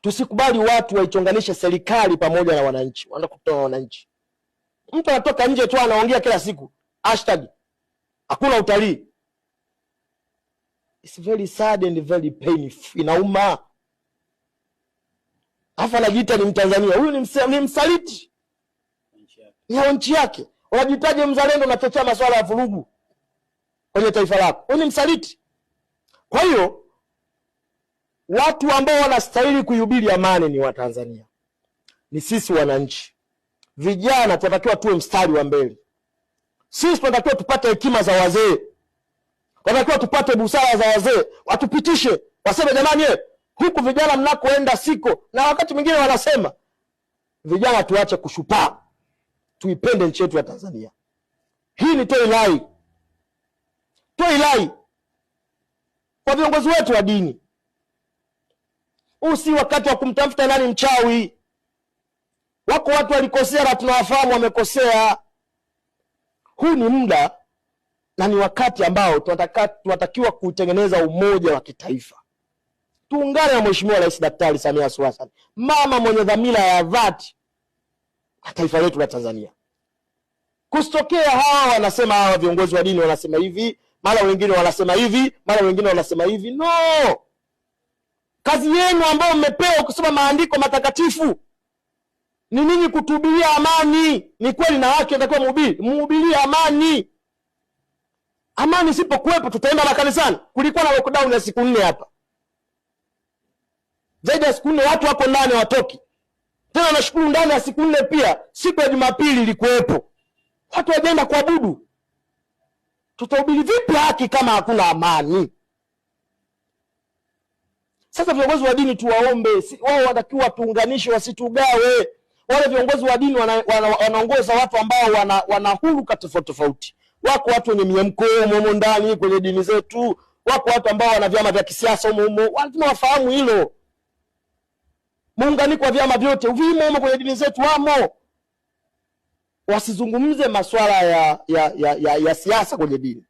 Tusikubali watu waichonganishe serikali pamoja na wananchi. Wanaenda kukutana na wananchi, mtu anatoka nje tu anaongea kila siku hashtag hakuna utalii. It's very sad and very painful, inauma. Alafu anajiita ni Mtanzania, huyu ni msaliti ya nchi yake. Unajitaje mzalendo, unachochea masuala ya vurugu kwenye taifa lako, huyu ni msaliti. Kwa hiyo Watu ambao wanastahili kuihubiri amani ni Watanzania, ni sisi wananchi. Vijana tunatakiwa tuwe mstari wa mbele, sisi tunatakiwa tupate hekima za wazee, tunatakiwa tupate busara za wazee, watupitishe waseme, jamani, eh, huku vijana mnakoenda siko. Na wakati mwingine wanasema vijana tuache kushupaa, tuipende nchi yetu ya Tanzania. Hii ni toe ilai, kwa viongozi wetu wa dini si wakati wa kumtafuta nani mchawi. Wako watu walikosea na tunawafahamu wamekosea. Huu ni muda na ni wakati ambao tunatakiwa kutengeneza umoja wa kitaifa. Tuungane na Mheshimiwa Rais Daktari Samia Suluhu mama mwenye dhamira ya dhati na taifa letu la Tanzania. Kusitokea hawa wanasema, hawa viongozi wa dini wanasema hivi, mara wengine wanasema hivi, mara wengine wanasema hivi. No, Kazi yenu ambayo mmepewa kusoma maandiko matakatifu ni ninyi kutubiria amani. Ni kweli na wake watakiwa mhubiri, mhubirie amani. Amani isipokuwepo tutaenda makanisani. Kulikuwa na lockdown ya siku nne hapa, zaidi ya siku nne, watu wako ndani watoki tena. Nashukuru ndani ya siku nne pia siku ya Jumapili ilikuwepo, watu wajaenda kuabudu. Tutahubiri vipi haki kama hakuna amani? Sasa viongozi wa dini tuwaombe, wao wanatakiwa watuunganishe, wasitugawe. Wale viongozi wa dini wana, wana, wanaongoza watu ambao wana, wana huruka tofauti tofauti. Wako watu wenye miamko humo ndani kwenye dini zetu, wako watu ambao wana vyama vya kisiasa humo humo, lazima wafahamu hilo. Muunganiko wa vyama vyote vimo humo kwenye dini zetu, wamo wasizungumze masuala ya, ya, ya, ya, ya siasa kwenye dini.